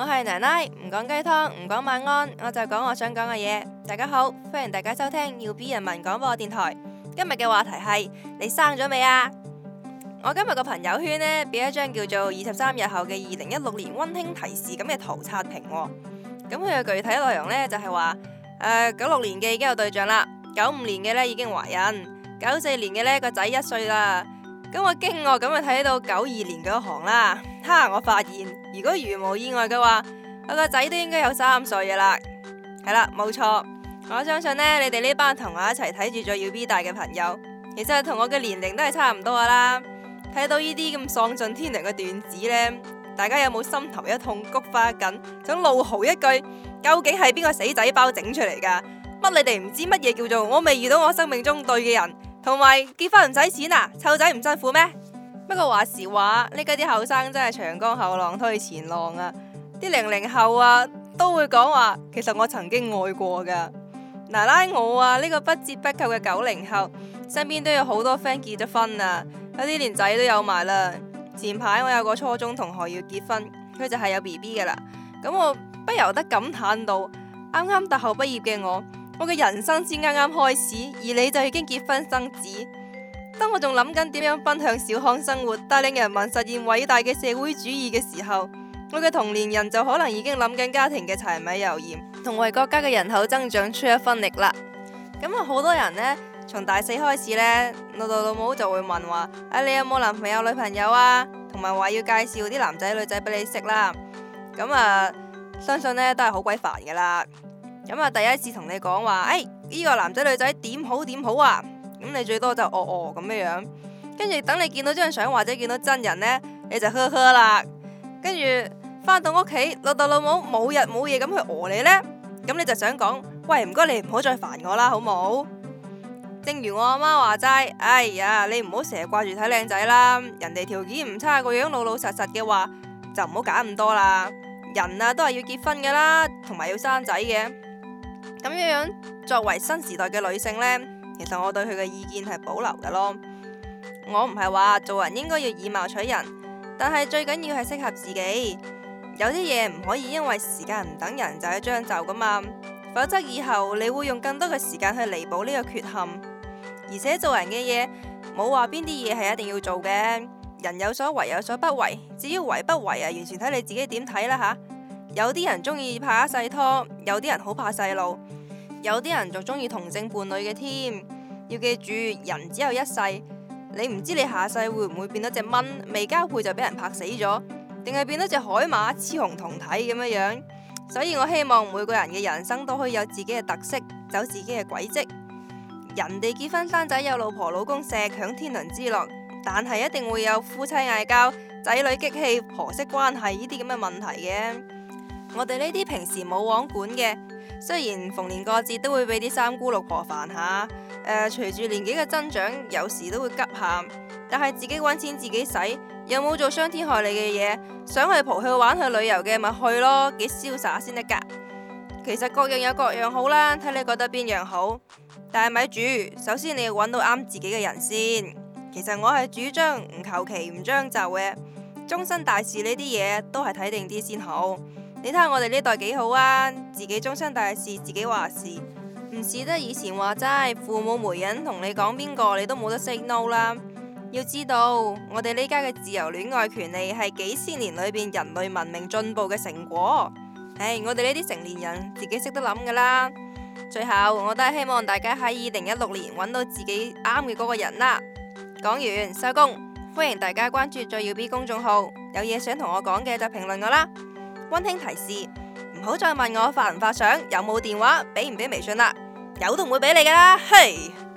我係奶奶，唔講雞湯，唔講晚安，我就講我想講嘅嘢。大家好，歡迎大家收聽要 B 人民廣播電台。今日嘅話題係你生咗未啊？我今日個朋友圈呢，俾一張叫做《二十三日後嘅二零一六年溫馨提示》咁嘅圖刷屏。咁佢嘅具體內容呢，就係、是、話，誒九六年嘅已經有對象啦，九五年嘅呢已經懷孕，九四年嘅呢個仔一歲啦。咁我驚愕咁啊睇到九二年嗰行啦。哈！我發現如果如無意外嘅話，我個仔都應該有三歲嘅啦。係啦，冇錯。我相信呢，你哋呢班同我一齊睇住最耀 B 大嘅朋友，其實同我嘅年齡都係差唔多噶啦。睇到呢啲咁喪盡天良嘅段子呢，大家有冇心頭一痛、菊花一緊，想怒吼一句：究竟係邊個死仔包整出嚟噶？乜你哋唔知乜嘢叫做我未遇到我生命中對嘅人？同埋結婚唔使錢啊？湊仔唔辛苦咩？不過話時話，呢家啲後生真係長江後浪推前浪啊！啲零零後啊，都會講話，其實我曾經愛過噶。奶奶我啊，呢個不折不扣嘅九零後，身邊都有好多 friend 結咗婚啊。有啲連仔都有埋啦。前排我有個初中同學要結婚，佢就係有 B B 噶啦。咁我不由得感嘆到，啱啱大學畢業嘅我，我嘅人生先啱啱開始，而你就已經結婚生子。當我仲諗緊點樣奔向小康生活，帶領人民實現偉大嘅社會主義嘅時候，我嘅同年人就可能已經諗緊家庭嘅柴米油鹽，同為國家嘅人口增長出一分力啦。咁啊，好多人呢，從大四開始呢，老豆老母就會問話：啊，你有冇男朋友女朋友啊？同埋話要介紹啲男仔女仔俾你識啦。咁啊，相信呢都係好鬼煩噶啦。咁啊，第一次同你講話，誒、哎，呢個男仔女仔點好點好啊？咁你最多就哦哦咁樣樣，跟住等你見到張相或者見到真人呢，你就呵呵啦。跟住翻到屋企，老豆老母冇日冇夜咁去餓你呢。咁你就想講，喂唔該你唔好再煩我啦，好冇？正如我阿媽話齋，哎呀，你唔好成日掛住睇靚仔啦，人哋條件唔差，個樣老老實實嘅話，就唔好揀咁多啦。人啊都係要結婚噶啦，同埋要生仔嘅。咁樣樣作為新時代嘅女性呢。其實我對佢嘅意見係保留嘅咯，我唔係話做人應該要以貌取人，但係最緊要係適合自己。有啲嘢唔可以因為時間唔等人就去將就噶嘛，否則以後你會用更多嘅時間去彌補呢個缺陷。而且做人嘅嘢冇話邊啲嘢係一定要做嘅，人有所為有所不為，至於為不為啊，完全睇你自己點睇啦吓。有啲人中意拍一世拖，有啲人好怕細路。有啲人仲中意同性伴侶嘅添，要記住人只有一世，你唔知你下世會唔會變到隻蚊，未交配就俾人拍死咗，定係變咗隻海馬雌雄同體咁樣樣。所以我希望每個人嘅人生都可以有自己嘅特色，走自己嘅軌跡。人哋結婚生仔有老婆老公，共享天倫之樂，但係一定會有夫妻嗌交、仔女激氣、婆媳關係呢啲咁嘅問題嘅。我哋呢啲平時冇往管嘅。雖然逢年過節都會俾啲三姑六婆煩下，誒、呃，隨住年紀嘅增長，有時都會急喊。但係自己揾錢自己使，又冇做傷天害理嘅嘢，想去蒲去玩去旅遊嘅咪去咯，幾瀟灑先得噶。其實各樣有各樣好啦，睇你覺得邊樣好。但係咪住，首先你要揾到啱自己嘅人先。其實我係主張唔求其唔將就嘅，終身大事呢啲嘢都係睇定啲先好。你睇下我哋呢代幾好啊！自己終身大事自己話事，唔似得以前話齋父母媒人同你講邊個，你都冇得 say no 啦。要知道，我哋呢家嘅自由戀愛權利係幾千年裏邊人類文明進步嘅成果。唉、哎，我哋呢啲成年人自己識得諗噶啦。最後，我都係希望大家喺二零一六年揾到自己啱嘅嗰個人啦。講完收工，歡迎大家關注最耀 B 公眾號，有嘢想同我講嘅就評論我啦。溫馨提示，唔好再問我發唔發相，有冇電話，俾唔俾微信啦，有都唔會俾你噶啦，嘿，hey!。